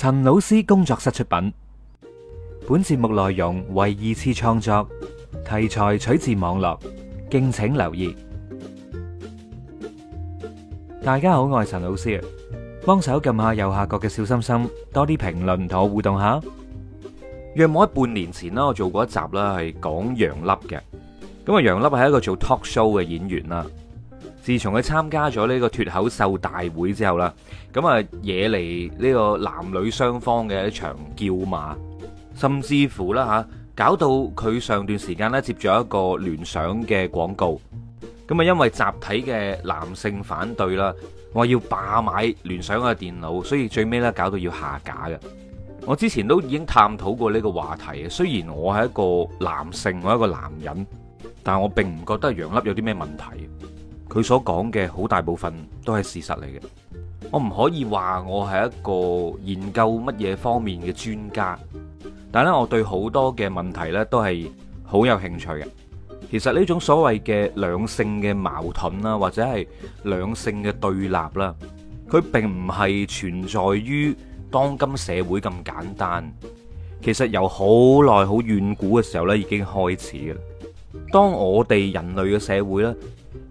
陳老師工作室出品，本節目內容為二次創作，題材取自網絡，敬請留意。大家好，我係陳老師，幫手撳下右下角嘅小心心，多啲評論同我互動一下。約莫喺半年前啦，我做過一集啦，係講楊笠嘅。咁啊，楊笠係一個做 talk show 嘅演員啦。自從佢參加咗呢個脫口秀大會之後啦，咁啊惹嚟呢個男女雙方嘅一場叫罵，甚至乎啦吓，搞到佢上段時間呢接咗一個聯想嘅廣告，咁啊因為集體嘅男性反對啦，話要罷買聯想嘅電腦，所以最尾咧搞到要下架嘅。我之前都已經探討過呢個話題啊，雖然我係一個男性，我一個男人，但我並唔覺得楊笠有啲咩問題。佢所講嘅好大部分都係事實嚟嘅，我唔可以話我係一個研究乜嘢方面嘅專家，但係呢，我對好多嘅問題呢都係好有興趣嘅。其實呢種所謂嘅兩性嘅矛盾啦，或者係兩性嘅對立啦，佢並唔係存在於當今社會咁簡單，其實由好耐好遠古嘅時候呢已經開始嘅。當我哋人類嘅社會呢，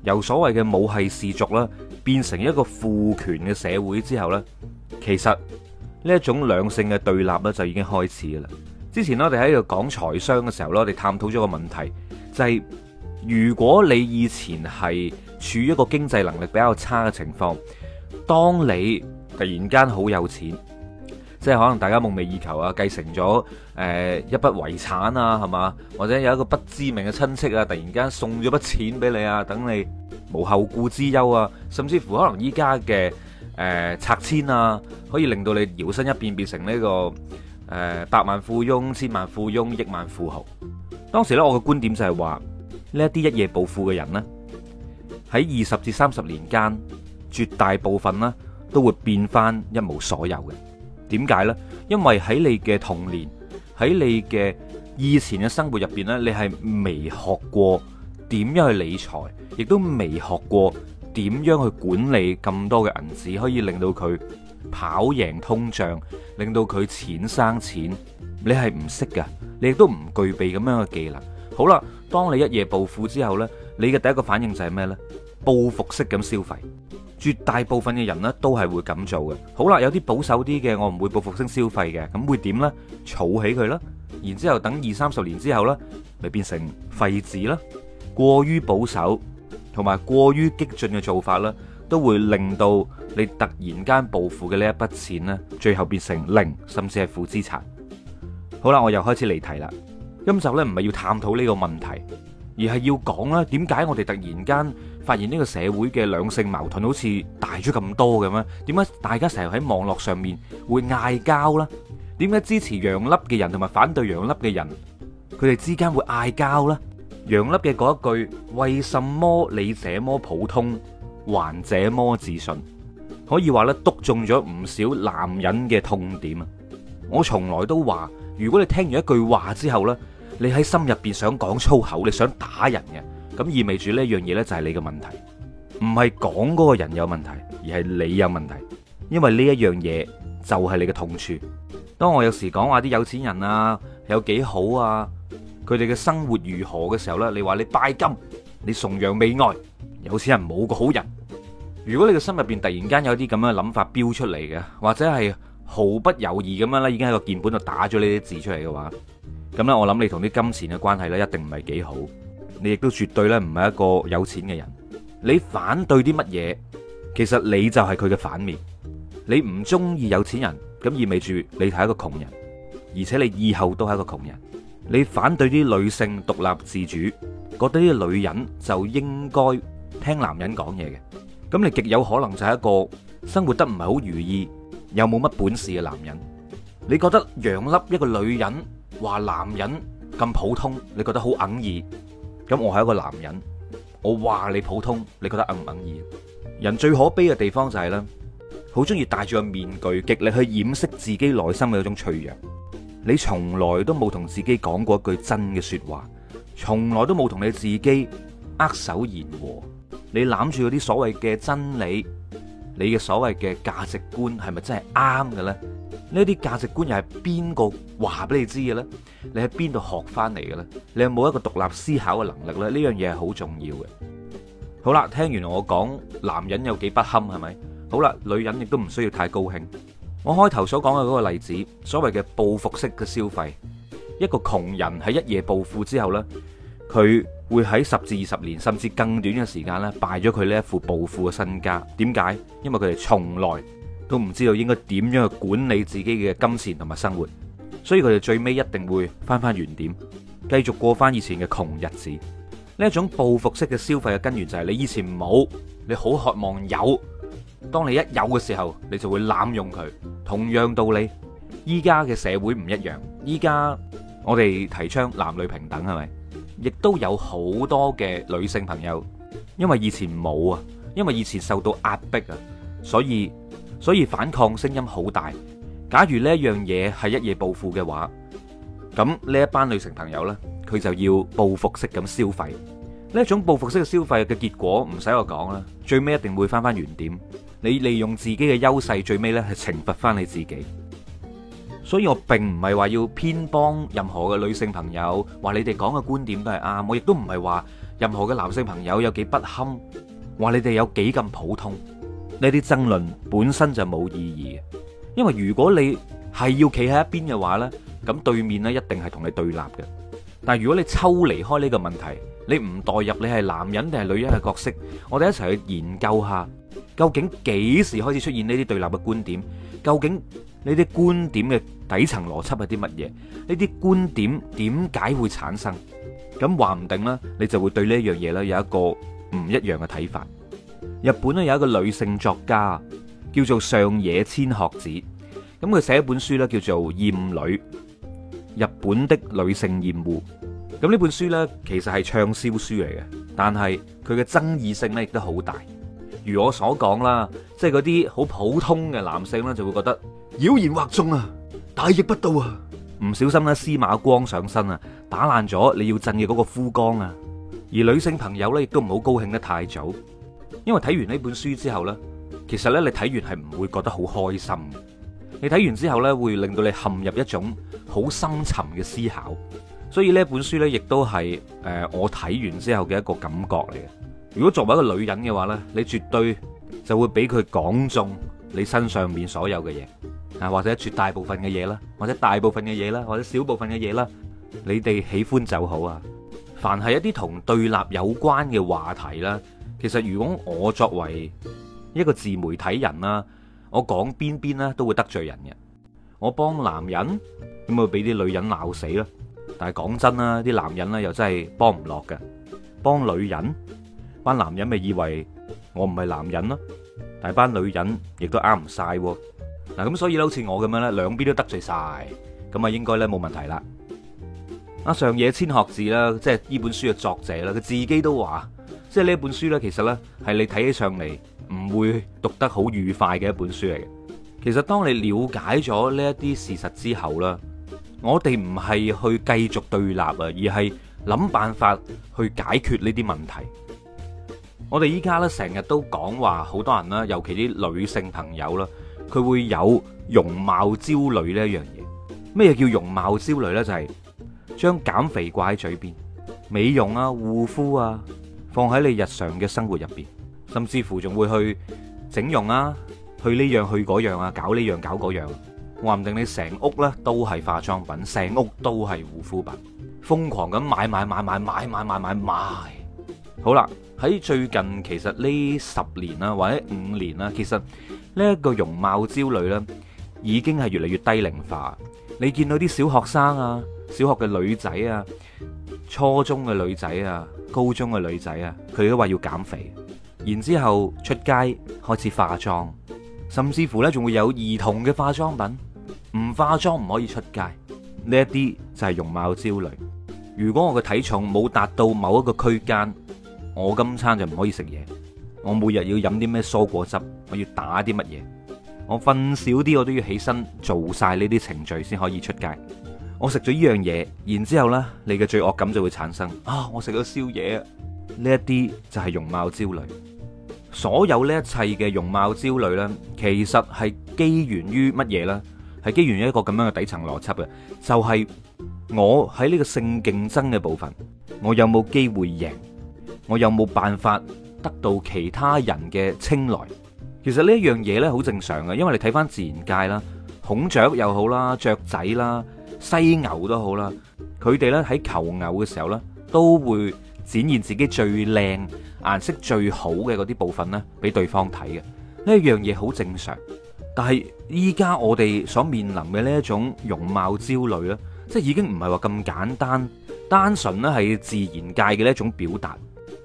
由所謂嘅武系氏族啦，變成一個父權嘅社會之後呢，其實呢一種兩性嘅對立呢就已經開始啦。之前我哋喺度講財商嘅時候，我哋探討咗個問題，就係、是、如果你以前係處於一個經濟能力比較差嘅情況，當你突然間好有錢。即係可能大家夢寐以求啊，繼承咗、呃、一筆遺產啊，係嘛？或者有一個不知名嘅親戚啊，突然間送咗筆錢俾你啊，等你無後顧之憂啊。甚至乎可能依家嘅誒、拆遷啊，可以令到你搖身一變變成呢個誒、呃、百萬富翁、千萬富翁、億萬富豪。當時咧，我嘅觀點就係話呢一啲一夜暴富嘅人呢，喺二十至三十年間，絕大部分呢，都會變翻一無所有嘅。點解呢？因為喺你嘅童年，喺你嘅以前嘅生活入邊呢，你係未學過點樣去理財，亦都未學過點樣去管理咁多嘅銀紙，可以令到佢跑贏通脹，令到佢錢生錢。你係唔識噶，你亦都唔具備咁樣嘅技能。好啦，當你一夜暴富之後呢，你嘅第一個反應就係咩呢？報復式咁消費。絕大部分嘅人呢，都係會咁做嘅。好啦，有啲保守啲嘅，我唔會報復性消費嘅，咁會點呢？儲起佢啦，然之後等二三十年之後呢，咪變成廢紙啦。過於保守同埋過於激進嘅做法呢，都會令到你突然間暴富嘅呢一筆錢呢，最後變成零，甚至係負資產。好啦，我又開始離題啦。今集呢，唔係要探討呢個問題，而係要講啦，點解我哋突然間？發現呢個社會嘅兩性矛盾好似大咗咁多咁啊？點解大家成日喺網絡上面會嗌交呢？點解支持楊笠嘅人同埋反對楊笠嘅人，佢哋之間會嗌交呢？楊笠嘅嗰一句“為什麼你這麼普通，還這麼自信”，可以話咧，篤中咗唔少男人嘅痛點啊！我從來都話，如果你聽完一句話之後呢，你喺心入邊想講粗口，你想打人嘅。咁意味住呢一樣嘢呢，就係你嘅問題，唔係講嗰個人有問題，而係你有問題。因為呢一樣嘢就係你嘅痛處。當我有時講話啲有錢人啊，有幾好啊，佢哋嘅生活如何嘅時候呢，你話你拜金，你崇洋媚外，有錢人冇個好人。如果你嘅心入邊突然間有啲咁樣嘅諗法飆出嚟嘅，或者係毫不猶豫咁樣呢，已經喺個鍵盤度打咗呢啲字出嚟嘅話，咁呢，我諗你同啲金錢嘅關係呢，一定唔係幾好。你亦都絕對咧，唔係一個有錢嘅人。你反對啲乜嘢，其實你就係佢嘅反面。你唔中意有錢人，咁意味住你係一個窮人，而且你以後都係一個窮人。你反對啲女性獨立自主，覺得啲女人就應該聽男人講嘢嘅，咁你極有可能就係一個生活得唔係好如意，又冇乜本事嘅男人。你覺得楊笠一個女人話男人咁普通，你覺得好哽耳？咁我係一個男人，我話你普通，你覺得肯唔肯意？人最可悲嘅地方就係咧，好中意戴住個面具，極力去掩飾自己內心嘅嗰種脆弱。你從來都冇同自己講過一句真嘅說話，從來都冇同你自己握手言和。你攬住嗰啲所謂嘅真理，你嘅所謂嘅價值觀係咪真係啱嘅咧？呢啲價值觀又係邊個話俾你知嘅咧？你喺邊度學翻嚟嘅咧？你有冇一個獨立思考嘅能力咧？呢樣嘢係好重要嘅。好啦，聽完我講男人有幾不堪係咪？好啦，女人亦都唔需要太高興。我開頭所講嘅嗰個例子，所謂嘅報復式嘅消費，一個窮人喺一夜暴富之後呢，佢會喺十至二十年甚至更短嘅時間呢，敗咗佢呢一副暴富嘅身家。點解？因為佢哋從來。都唔知道應該點樣去管理自己嘅金錢同埋生活，所以佢哋最尾一定會翻翻原點，繼續過翻以前嘅窮日子。呢一種報復式嘅消費嘅根源就係你以前冇，你好渴望有。當你一有嘅時候，你就會濫用佢。同樣道理，依家嘅社會唔一樣。依家我哋提倡男女平等，係咪？亦都有好多嘅女性朋友，因為以前冇啊，因為以前受到壓迫啊，所以。所以呢啲爭論本身就冇意義，因為如果你係要企喺一邊嘅話呢，咁對面一定係同你對立嘅。但係如果你抽離開呢個問題，你唔代入你係男人定係女人嘅角色，我哋一齊去研究下，究竟幾時開始出現呢啲對立嘅觀點？究竟呢啲觀點嘅底層邏輯係啲乜嘢？呢啲觀點點解會產生？咁話唔定咧，你就會對呢一樣嘢有一個唔一樣嘅睇法。日本咧有一個女性作家叫做上野千鶴子，咁佢寫一本書咧叫做《厭女》，日本的女性嫌惡。咁呢本書咧其實係暢銷書嚟嘅，但係佢嘅爭議性咧亦都好大。如我所講啦，即係嗰啲好普通嘅男性咧就會覺得妖言惑眾啊，大逆不道啊，唔小心咧司馬光上身啊，打爛咗你要震嘅嗰個枯缸啊。而女性朋友呢，亦都唔好高興得太早。因為睇完呢本書之後呢，其實你睇完係唔會覺得好開心。你睇完之後呢，會令到你陷入一種好深沉嘅思考，所以呢本書呢，亦都係誒我睇完之後嘅一個感覺嚟嘅。如果作為一個女人嘅話呢，你絕對就會俾佢講中你身上面所有嘅嘢啊，或者絕大部分嘅嘢啦，或者大部分嘅嘢啦，或者小部分嘅嘢啦，你哋喜歡就好啊。凡係一啲同對立有關嘅話題啦。其實如果我作為一個自媒體人啦，我講邊邊咧都會得罪人嘅。我幫男人，會唔會俾啲女人鬧死啦？但係講真啦，啲男人咧又真係幫唔落嘅。幫女人，班男人咪以為我唔係男人咯？但係班女人亦都啱唔晒。嗱咁，所以好似我咁樣咧，兩邊都得罪晒，咁啊應該咧冇問題啦。阿上野千鶴子啦，即係呢本書嘅作者啦，佢自己都話。即係呢本書呢，其實呢係你睇起上嚟唔會讀得好愉快嘅一本書嚟嘅。其實當你了解咗呢一啲事實之後啦，我哋唔係去繼續對立啊，而係諗辦法去解決呢啲問題。我哋依家呢，成日都講話，好多人啦，尤其啲女性朋友啦，佢會有容貌焦慮呢一樣嘢。咩叫容貌焦慮呢？就係將減肥掛喺嘴邊，美容啊，護膚啊。放喺你日常嘅生活入邊，甚至乎仲會去整容啊，去呢樣去嗰樣啊，搞呢樣搞嗰樣，話唔定你成屋呢都係化妝品，成屋都係護膚品，瘋狂咁買買買買買買買買買買買買，好啦，喺最近其實呢十年啊或者五年啦，其實呢一個容貌焦慮咧已經係越嚟越低齡化，你見到啲小學生啊，小學嘅女仔啊，初中嘅女仔啊。高中嘅女仔啊，佢都話要減肥，然之後出街開始化妝，甚至乎呢仲會有兒童嘅化妝品，唔化妝唔可以出街。呢一啲就係容貌焦慮。如果我嘅體重冇達到某一個區間，我今餐就唔可以食嘢。我每日要飲啲咩蔬果汁，我要打啲乜嘢？我瞓少啲，我都要起身做晒呢啲程序先可以出街。我食咗呢樣嘢，然之後咧，你嘅罪惡感就會產生啊！我食咗宵夜啊，呢一啲就係容貌焦慮。所有呢一切嘅容貌焦慮呢，其實係基源於乜嘢呢？係基源於一個咁樣嘅底層邏輯嘅，就係、是、我喺呢個性競爭嘅部分，我有冇機會贏？我有冇辦法得到其他人嘅青睞？其實呢一樣嘢呢，好正常嘅，因為你睇翻自然界啦，孔雀又好啦，雀仔啦。犀牛都好啦，佢哋咧喺求偶嘅時候呢，都會展現自己最靚、顏色最好嘅嗰啲部分呢，俾對方睇嘅。呢一樣嘢好正常，但係依家我哋所面臨嘅呢一種容貌焦慮呢，即係已經唔係話咁簡單、單純呢係自然界嘅一種表達，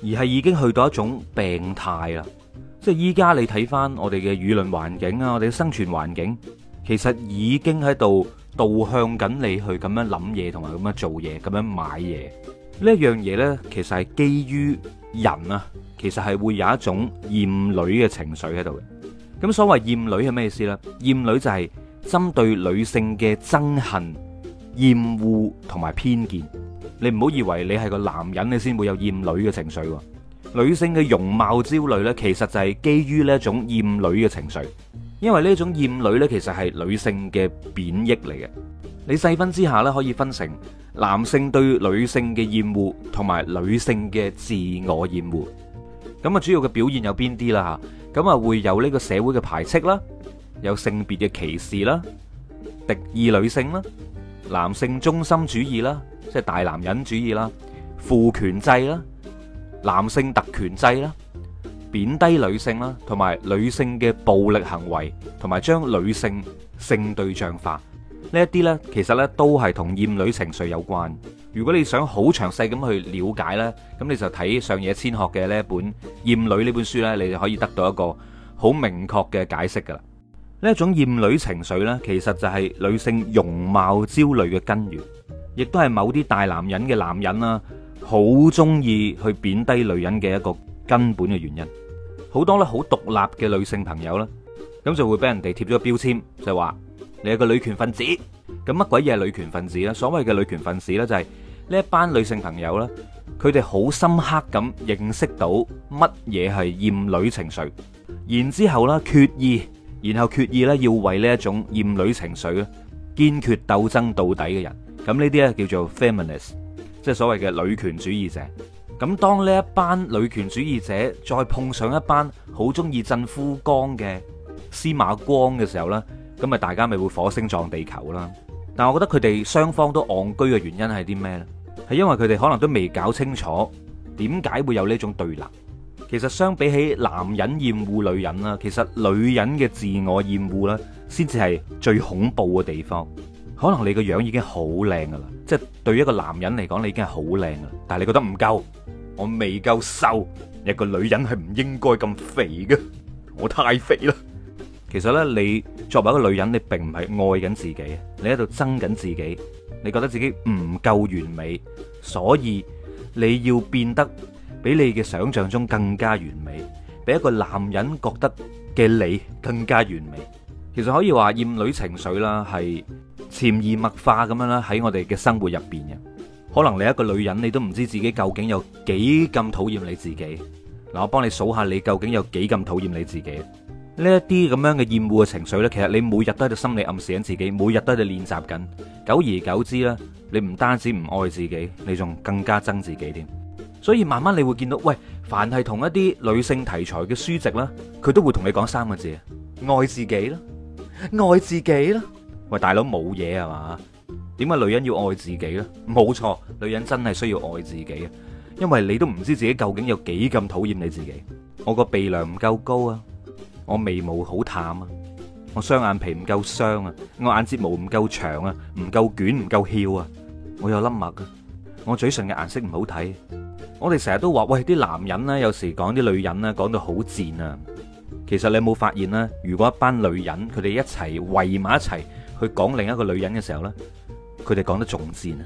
而係已經去到一種病態啦。即係依家你睇翻我哋嘅輿論環境啊，我哋嘅生存環境，其實已經喺度。導向緊你去咁樣諗嘢同埋咁樣做嘢，咁樣買嘢呢一樣嘢呢，其實係基於人啊，其實係會有一種厭女嘅情緒喺度嘅。咁所謂厭女係咩意思呢？厭女就係針對女性嘅憎恨、厭惡同埋偏見。你唔好以為你係個男人你先會有厭女嘅情緒，女性嘅容貌焦慮呢，其實就係基於呢一種厭女嘅情緒。因為呢一種厭女咧，其實係女性嘅貶抑嚟嘅。你細分之下咧，可以分成男性對女性嘅厭惡同埋女性嘅自我厭惡。咁啊，主要嘅表現有邊啲啦？吓，咁啊，會有呢個社會嘅排斥啦，有性別嘅歧視啦，敵意女性啦，男性中心主義啦，即係大男人主義啦，父權制啦，男性特權制啦。貶低女性啦，同埋女性嘅暴力行為，同埋將女性性對象化呢一啲咧，其實咧都係同厭女情緒有關。如果你想好詳細咁去了解咧，咁你就睇上野千鶴嘅呢一本《厭女》呢本書咧，你就可以得到一個好明確嘅解釋噶啦。呢一種厭女情緒咧，其實就係女性容貌焦慮嘅根源，亦都係某啲大男人嘅男人啦，好中意去貶低女人嘅一個根本嘅原因。好多咧，好獨立嘅女性朋友啦，咁就會俾人哋貼咗個標籤，就係話你係個女權分子。咁乜鬼嘢係女權分子咧？所謂嘅女權分子呢，就係呢一班女性朋友呢，佢哋好深刻咁認識到乜嘢係厭女情緒，然之後呢決意，然後決意呢要為呢一種厭女情緒咧堅決鬥爭到底嘅人。咁呢啲呢叫做 feminists，即係所謂嘅女權主義者。咁當呢一班女權主義者再碰上一班好中意震夫綱嘅司馬光嘅時候呢，咁咪大家咪會火星撞地球啦。但我覺得佢哋雙方都戇居嘅原因係啲咩咧？係因為佢哋可能都未搞清楚點解會有呢種對立。其實相比起男人厭惡女人啦，其實女人嘅自我厭惡咧，先至係最恐怖嘅地方。可能你個樣已經好靚噶啦，即係對一個男人嚟講，你已經係好靚噶啦。但係你覺得唔夠，我未夠瘦。一個女人係唔應該咁肥嘅，我太肥啦。其實呢，你作為一個女人，你並唔係愛緊自己，你喺度憎緊自己。你覺得自己唔夠完美，所以你要變得比你嘅想象中更加完美，比一個男人覺得嘅你更加完美。其實可以話厭女情緒啦，係。潛移默化咁樣啦，喺我哋嘅生活入邊嘅，可能你一個女人，你都唔知自己究竟有幾咁討厭你自己。嗱，我幫你數下，你究竟有幾咁討厭你自己？呢一啲咁樣嘅厭惡嘅情緒咧，其實你每日都喺度心理暗示緊自己，每日都喺度練習緊。久而久之咧，你唔單止唔愛自己，你仲更加憎自己添。所以慢慢你會見到，喂，凡係同一啲女性題材嘅書籍咧，佢都會同你講三個字：愛自己啦，愛自己啦。喂，大佬冇嘢啊嘛？點解女人要愛自己呢？冇錯，女人真係需要愛自己啊！因為你都唔知自己究竟有幾咁討厭你自己。我個鼻梁唔夠高啊，我眉毛好淡啊，我雙眼皮唔夠傷啊，我眼睫毛唔夠長啊，唔夠捲唔夠翹啊，我有粒墨啊，我嘴唇嘅顏色唔好睇。我哋成日都話，喂，啲男人呢，有時講啲女人呢，講到好賤啊！其實你有冇發現呢？如果一班女人佢哋一齊圍埋一齊.去講另一個女人嘅時候呢，佢哋講得仲賤啊！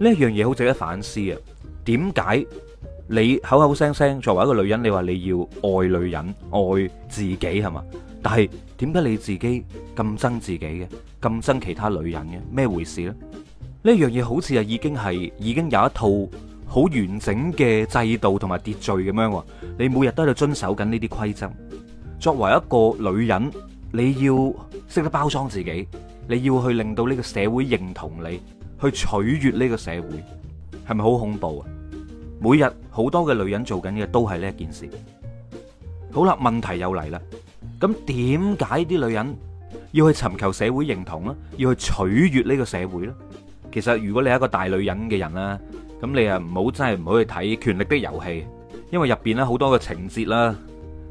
呢樣嘢好值得反思啊！點解你口口聲聲作為一個女人，你話你要愛女人、愛自己係嘛？但係點解你自己咁憎自己嘅，咁憎其他女人嘅，咩回事呢？呢樣嘢好似啊已經係已經有一套好完整嘅制度同埋秩序咁樣，你每日都喺度遵守緊呢啲規則。作為一個女人，你要識得包裝自己。你要去令到呢個社會認同你，去取悅呢個社會，係咪好恐怖啊？每日好多嘅女人做緊嘅都係呢一件事。好啦，問題又嚟啦。咁點解啲女人要去尋求社會認同呢？要去取悅呢個社會呢？其實如果你係一個大女人嘅人啦，咁你啊唔好真係唔好去睇《權力的遊戲》，因為入邊咧好多嘅情節啦，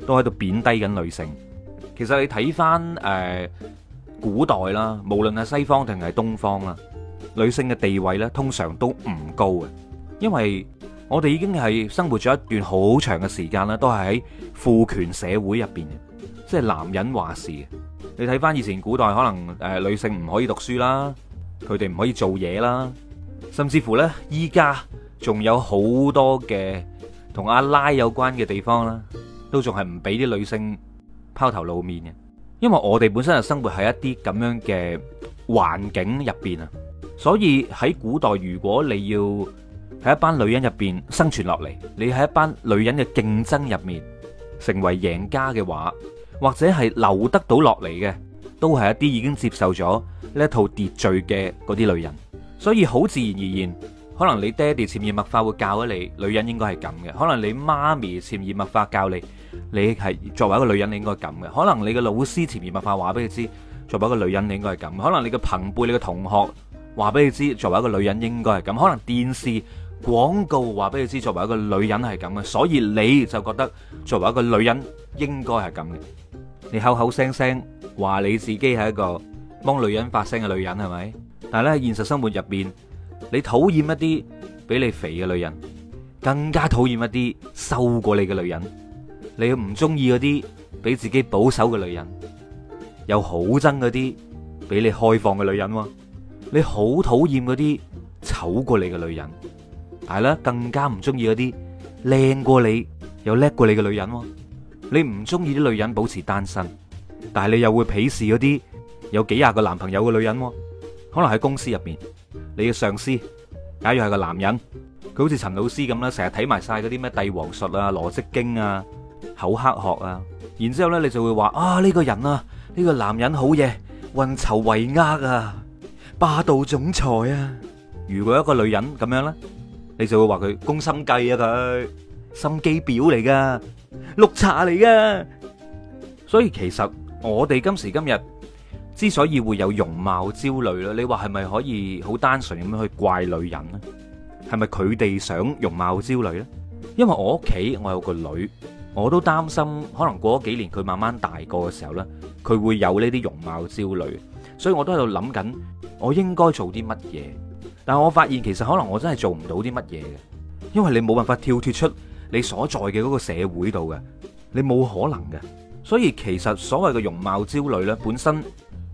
都喺度貶低緊女性。其實你睇翻誒。呃古代啦，無論係西方定係東方啊，女性嘅地位呢，通常都唔高嘅。因為我哋已經係生活咗一段好長嘅時間啦，都係喺父權社會入邊嘅，即係男人話事嘅。你睇翻，以前古代，可能誒女性唔可以讀書啦，佢哋唔可以做嘢啦，甚至乎呢，依家仲有好多嘅同阿拉有關嘅地方啦，都仲係唔俾啲女性拋頭露面嘅。因為我哋本身係生活喺一啲咁樣嘅環境入邊啊，所以喺古代，如果你要喺一班女人入邊生存落嚟，你喺一班女人嘅競爭入面成為贏家嘅話，或者係留得到落嚟嘅，都係一啲已經接受咗呢一套秩序嘅嗰啲女人。所以好自然而然，可能你爹哋潛移默化會教咗你，女人應該係咁嘅，可能你媽咪潛移默化教你。你係作為一個女人，你應該咁嘅。可能你嘅老師潛移默化話俾你知，作為一個女人，你應該係咁。可能你嘅朋輩、你嘅同學話俾你知，作為一個女人應該係咁。可能電視廣告話俾你知，作為一個女人係咁嘅，所以你就覺得作為一個女人應該係咁嘅。你口口聲聲話你自己係一個幫女人發聲嘅女人係咪？但係咧，現實生活入邊，你討厭一啲比你肥嘅女人，更加討厭一啲瘦過你嘅女人。你唔中意嗰啲俾自己保守嘅女人，又好憎嗰啲俾你開放嘅女人喎。你好討厭嗰啲醜過你嘅女人，但係咧，更加唔中意嗰啲靚過你又叻過你嘅女人喎。你唔中意啲女人保持單身，但係你又會鄙視嗰啲有幾廿個男朋友嘅女人喎。可能喺公司入邊，你嘅上司假如係個男人，佢好似陳老師咁啦，成日睇埋晒嗰啲咩帝王術啊、羅織經啊。口黑學啊，然之後咧，你就會話啊，呢個人啊，呢個男人好嘢，運籌帷幄啊，霸道總裁啊。如果一個女人咁樣咧，你就會話佢攻心計啊，佢心機婊嚟噶，綠茶嚟噶。所以其實我哋今時今日之所以會有容貌焦慮咧，你話係咪可以好單純咁樣去怪女人咧？係咪佢哋想容貌焦慮咧？因為我屋企我有個女。我都擔心，可能過咗幾年，佢慢慢大個嘅時候呢，佢會有呢啲容貌焦慮，所以我都喺度諗緊，我應該做啲乜嘢？但係我發現其實可能我真係做唔到啲乜嘢嘅，因為你冇辦法跳脱出你所在嘅嗰個社會度嘅，你冇可能嘅。所以其實所謂嘅容貌焦慮呢，本身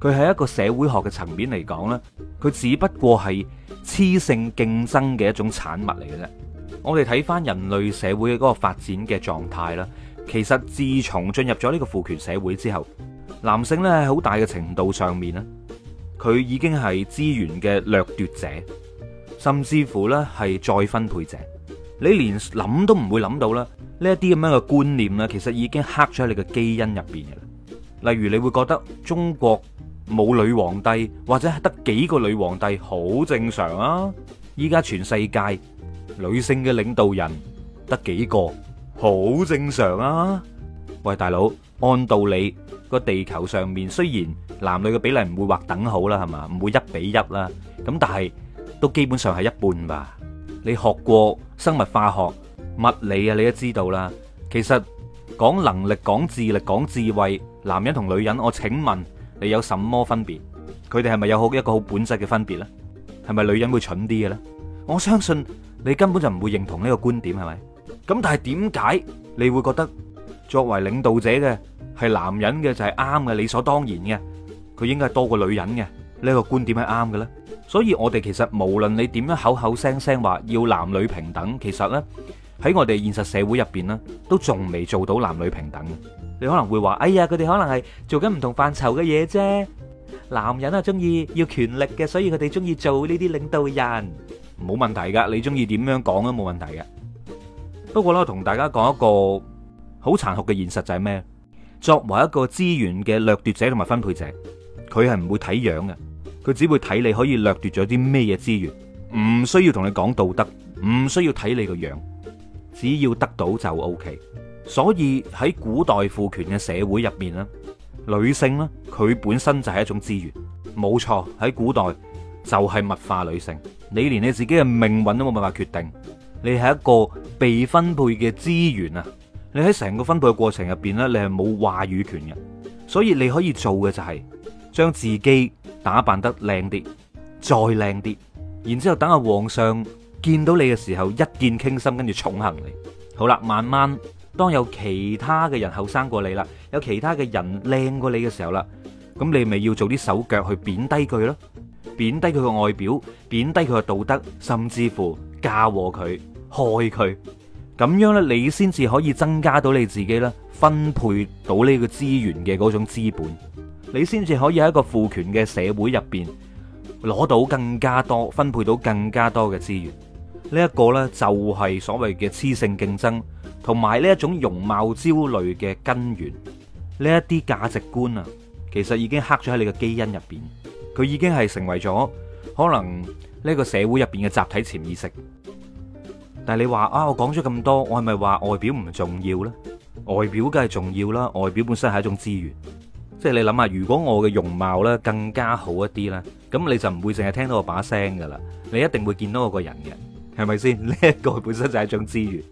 佢係一個社會學嘅層面嚟講呢，佢只不過係雌性競爭嘅一種產物嚟嘅啫。我哋睇翻人類社會嘅嗰個發展嘅狀態啦，其實自從進入咗呢個父權社會之後，男性咧喺好大嘅程度上面咧，佢已經係資源嘅掠奪者，甚至乎咧係再分配者。你連諗都唔會諗到啦，呢一啲咁樣嘅觀念咧，其實已經刻咗喺你嘅基因入邊嘅啦。例如你會覺得中國冇女皇帝，或者得幾個女皇帝好正常啊，依家全世界。女性嘅領導人得幾個好正常啊？喂，大佬，按道理個地球上面雖然男女嘅比例唔會劃等號啦，係嘛唔會一比一啦，咁但係都基本上係一半吧。你學過生物化學、物理啊，你都知道啦。其實講能力、講智力、講智慧，男人同女人，我請問你有什麼分別？佢哋係咪有好一個好本質嘅分別呢？係咪女人會蠢啲嘅咧？我相信。你根本就唔會認同呢個觀點係咪？咁但係點解你會覺得作為領導者嘅係男人嘅就係啱嘅，理所當然嘅？佢應該係多過女人嘅，呢個觀點係啱嘅咧？所以我哋其實無論你點樣口口聲聲話要男女平等，其實呢，喺我哋現實社會入邊呢，都仲未做到男女平等。你可能會話：哎呀，佢哋可能係做緊唔同範疇嘅嘢啫。男人啊，中意要權力嘅，所以佢哋中意做呢啲領導人。冇問題噶，你中意點樣講都冇問題嘅。不過啦，我同大家講一個好殘酷嘅現實就係咩？作為一個資源嘅掠奪者同埋分配者，佢係唔會睇樣嘅，佢只會睇你可以掠奪咗啲咩嘢資源。唔需要同你講道德，唔需要睇你個樣，只要得到就 OK。所以喺古代父權嘅社會入面啦，女性啦，佢本身就係一種資源，冇錯喺古代。就係物化女性，你連你自己嘅命運都冇辦法決定，你係一個被分配嘅資源啊！你喺成個分配嘅過程入邊呢，你係冇話語權嘅，所以你可以做嘅就係將自己打扮得靚啲，再靚啲，然之後等阿皇上見到你嘅時候一見傾心，跟住寵幸你。好啦，慢慢當有其他嘅人後生過你啦，有其他嘅人靚過你嘅時候啦，咁你咪要做啲手腳去貶低佢咯。貶低佢個外表，貶低佢個道德，甚至乎嫁禍佢、害佢，咁樣呢，你先至可以增加到你自己咧，分配到呢個資源嘅嗰種資本，你先至可以喺一個父權嘅社會入邊攞到更加多，分配到更加多嘅資源。呢、這、一個呢，就係所謂嘅雌性競爭，同埋呢一種容貌焦慮嘅根源。呢一啲價值觀啊，其實已經刻咗喺你嘅基因入邊。佢已經係成為咗可能呢個社會入邊嘅集體潛意識。但係你話啊，我講咗咁多，我係咪話外表唔重要呢？外表梗係重要啦，外表本身係一種資源。即係你諗下，如果我嘅容貌咧更加好一啲咧，咁你就唔會淨係聽到我把聲噶啦，你一定會見到我個人嘅，係咪先？呢一個本身就係一種資源。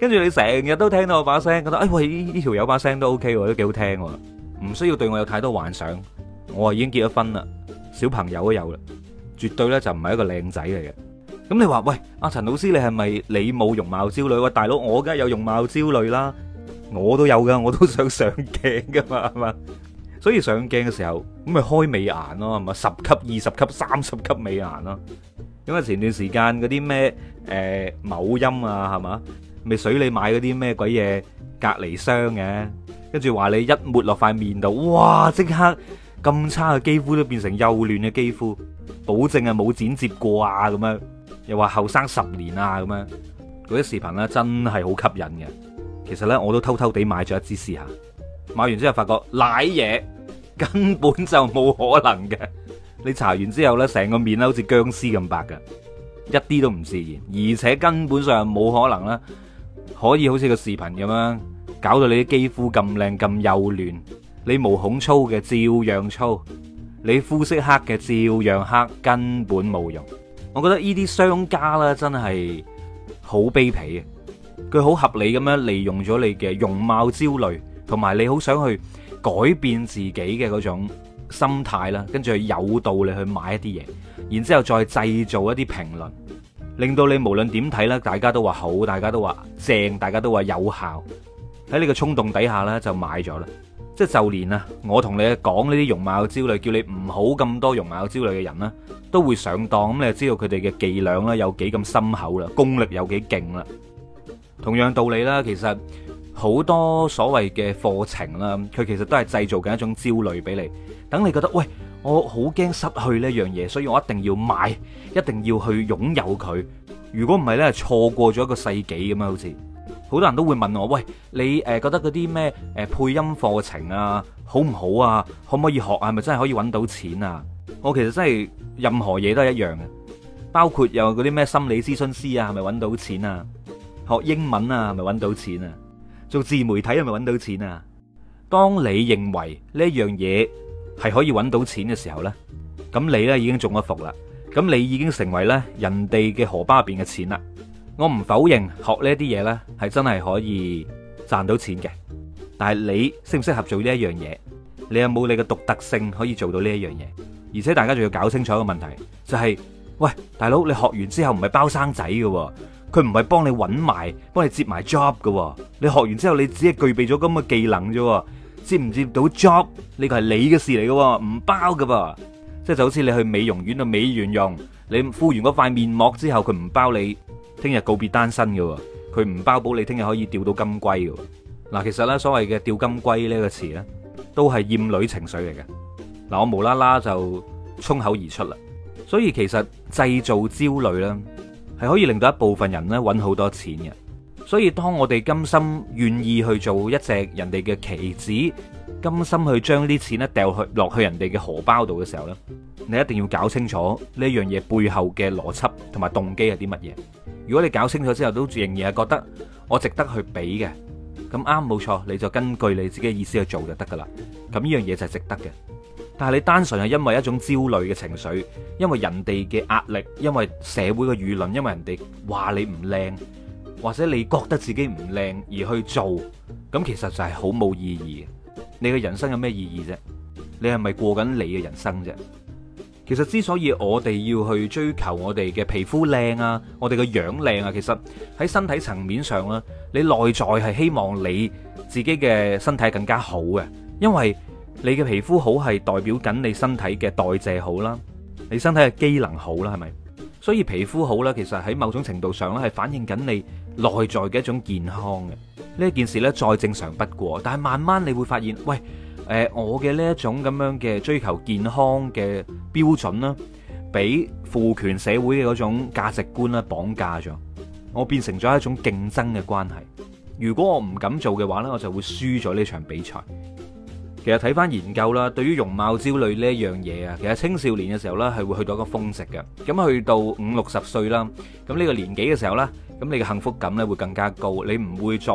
跟住你成日都聽到我把聲，覺得哎，喂，呢條友把聲都 OK，都幾好聽，唔需要對我有太多幻想。我已經結咗婚啦。小朋友都有啦，絕對咧就唔係一個靚仔嚟嘅。咁你話喂，阿陳老師你係咪你冇容貌焦慮？喂，大佬我梗係有容貌焦慮啦，我都有噶，我都想上鏡噶嘛，係嘛？所以上鏡嘅時候咁咪開美顏咯，係嘛？十級、二十級、三十級美顏咯。因為前段時間嗰啲咩誒某音啊，係嘛？咪水你買嗰啲咩鬼嘢隔離霜嘅，跟住話你一抹落塊面度，哇！即刻。咁差嘅肌膚都變成幼嫩嘅肌膚，保證係冇剪接過啊！咁樣又話後生十年啊！咁樣嗰啲視頻咧真係好吸引嘅。其實咧，我都偷偷地買咗一支試下，買完之後發覺瀨嘢，根本就冇可能嘅。你搽完之後咧，成個面咧好似殭屍咁白㗎，一啲都唔自然，而且根本上冇可能啦。可以好似個視頻咁樣搞到你啲肌膚咁靚咁幼嫩。你毛孔粗嘅照樣粗，你膚色黑嘅照樣黑，根本冇用。我覺得呢啲商家咧真係好卑鄙啊！佢好合理咁樣利用咗你嘅容貌焦慮，同埋你好想去改變自己嘅嗰種心態啦，跟住誘導你去買一啲嘢，然之後再製造一啲評論，令到你無論點睇呢，大家都話好，大家都話正，大家都話有效。喺你個衝動底下呢，就買咗啦。即係就連啊，我同你講呢啲容貌焦慮，叫你唔好咁多容貌焦慮嘅人啦，都會上當。咁你就知道佢哋嘅伎倆咧有幾咁深厚啦，功力有幾勁啦。同樣道理啦，其實好多所謂嘅課程啦，佢其實都係製造緊一種焦慮俾你。等你覺得喂，我好驚失去呢樣嘢，所以我一定要買，一定要去擁有佢。如果唔係呢，錯過咗一個世紀咁樣，好似。好多人都會問我，喂，你誒覺得嗰啲咩誒配音課程啊，好唔好啊？可唔可以學啊？係咪真係可以揾到錢啊？我其實真係任何嘢都係一樣嘅，包括有嗰啲咩心理諮詢師啊，係咪揾到錢啊？學英文啊，係咪揾到錢啊？做自媒體係咪揾到錢啊？當你認為呢樣嘢係可以揾到錢嘅時候呢，咁你呢已經中咗伏啦，咁你已經成為呢人哋嘅荷包入邊嘅錢啦。我唔否認學呢啲嘢呢係真係可以賺到錢嘅。但係你適唔適合做呢一樣嘢？你有冇你嘅獨特性可以做到呢一樣嘢？而且大家仲要搞清楚一個問題，就係、是，喂，大佬你學完之後唔係包生仔嘅。哦，佢唔係幫你揾埋，幫你接埋 job 喎。你學完之後，你只係具備咗咁嘅技能啫，接唔接到 job 呢？這個係你嘅事嚟嘅。哦，唔包㗎。即係就好似你去美容院度美完容，你敷完嗰塊面膜之後，佢唔包你。聽日告別單身嘅，佢唔包保你聽日可以釣到金龜嘅。嗱，其實呢所謂嘅釣金龜呢個詞呢，都係厭女情緒嚟嘅。嗱，我無啦啦就衝口而出啦，所以其實製造焦慮啦，係可以令到一部分人呢揾好多錢嘅。所以當我哋甘心願意去做一隻人哋嘅棋子，甘心去將啲錢呢掉去落去人哋嘅荷包度嘅時候呢，你一定要搞清楚呢樣嘢背後嘅邏輯同埋動機係啲乜嘢。如果你搞清楚之後都仍然係覺得我值得去俾嘅，咁啱冇錯，你就根據你自己嘅意思去做就得噶啦。咁呢樣嘢就係值得嘅。但係你單純係因為一種焦慮嘅情緒，因為人哋嘅壓力，因為社會嘅輿論，因為人哋話你唔靚，或者你覺得自己唔靚而去做，咁其實就係好冇意義。你嘅人生有咩意義啫？你係咪過緊你嘅人生啫？其實之所以我哋要去追求我哋嘅皮膚靚啊，我哋嘅樣靚啊，其實喺身體層面上啊，你內在係希望你自己嘅身體更加好嘅，因為你嘅皮膚好係代表緊你身體嘅代謝好啦，你身體嘅機能好啦，係咪？所以皮膚好咧，其實喺某種程度上咧，係反映緊你內在嘅一種健康嘅。呢件事咧，再正常不過，但係慢慢你會發現，喂。誒、呃，我嘅呢一種咁樣嘅追求健康嘅標準啦，俾父權社會嘅嗰種價值觀啦綁架咗，我變成咗一種競爭嘅關係。如果我唔敢做嘅話呢，我就會輸咗呢場比賽。其實睇翻研究啦，對於容貌焦慮呢一樣嘢啊，其實青少年嘅時候呢係會去到一個峰值嘅，咁去到五六十歲啦，咁呢個年紀嘅時候呢，咁你嘅幸福感呢會更加高，你唔會再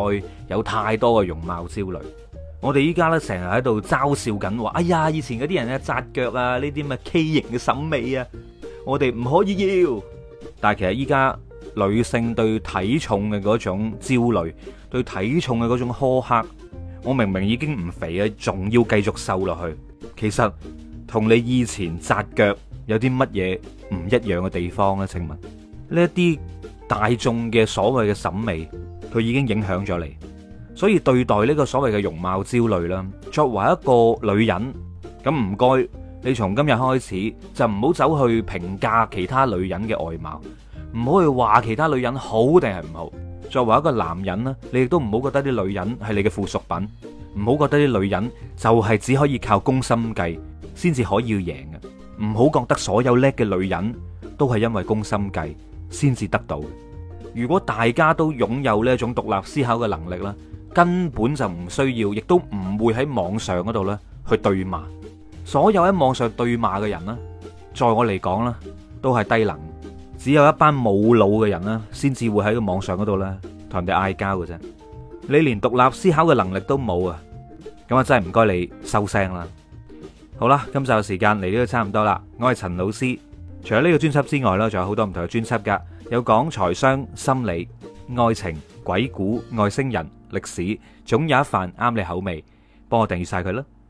有太多嘅容貌焦慮。我哋依家咧成日喺度嘲笑緊，話哎呀，以前嗰啲人啊紮腳啊，呢啲咁嘅畸形嘅審美啊，我哋唔可以要。但係其實依家女性對體重嘅嗰種焦慮，對體重嘅嗰種苛刻，我明明已經唔肥啊，仲要繼續瘦落去。其實同你以前紮腳有啲乜嘢唔一樣嘅地方咧？請問呢一啲大眾嘅所謂嘅審美，佢已經影響咗你。所以對待呢個所謂嘅容貌焦慮啦，作為一個女人咁唔該，你從今日開始就唔好走去評價其他女人嘅外貌，唔好去話其他女人好定係唔好。作為一個男人咧，你亦都唔好覺得啲女人係你嘅附屬品，唔好覺得啲女人就係只可以靠攻心計先至可以贏嘅，唔好覺得所有叻嘅女人都係因為攻心計先至得到。如果大家都擁有呢種獨立思考嘅能力啦。根本就唔需要，亦都唔會喺網上嗰度咧去對罵。所有喺網上對罵嘅人咧，在我嚟講咧，都係低能，只有一班冇腦嘅人咧，先至會喺個網上嗰度咧同人哋嗌交嘅啫。你連獨立思考嘅能力都冇啊，咁啊真係唔該你收聲啦。好啦，今集嘅時間嚟到都差唔多啦。我係陳老師，除咗呢個專輯之外咧，仲有好多唔同嘅專輯噶，有講財商、心理、愛情、鬼故、外星人。歷史總有一份啱你口味，幫我訂閱晒佢啦～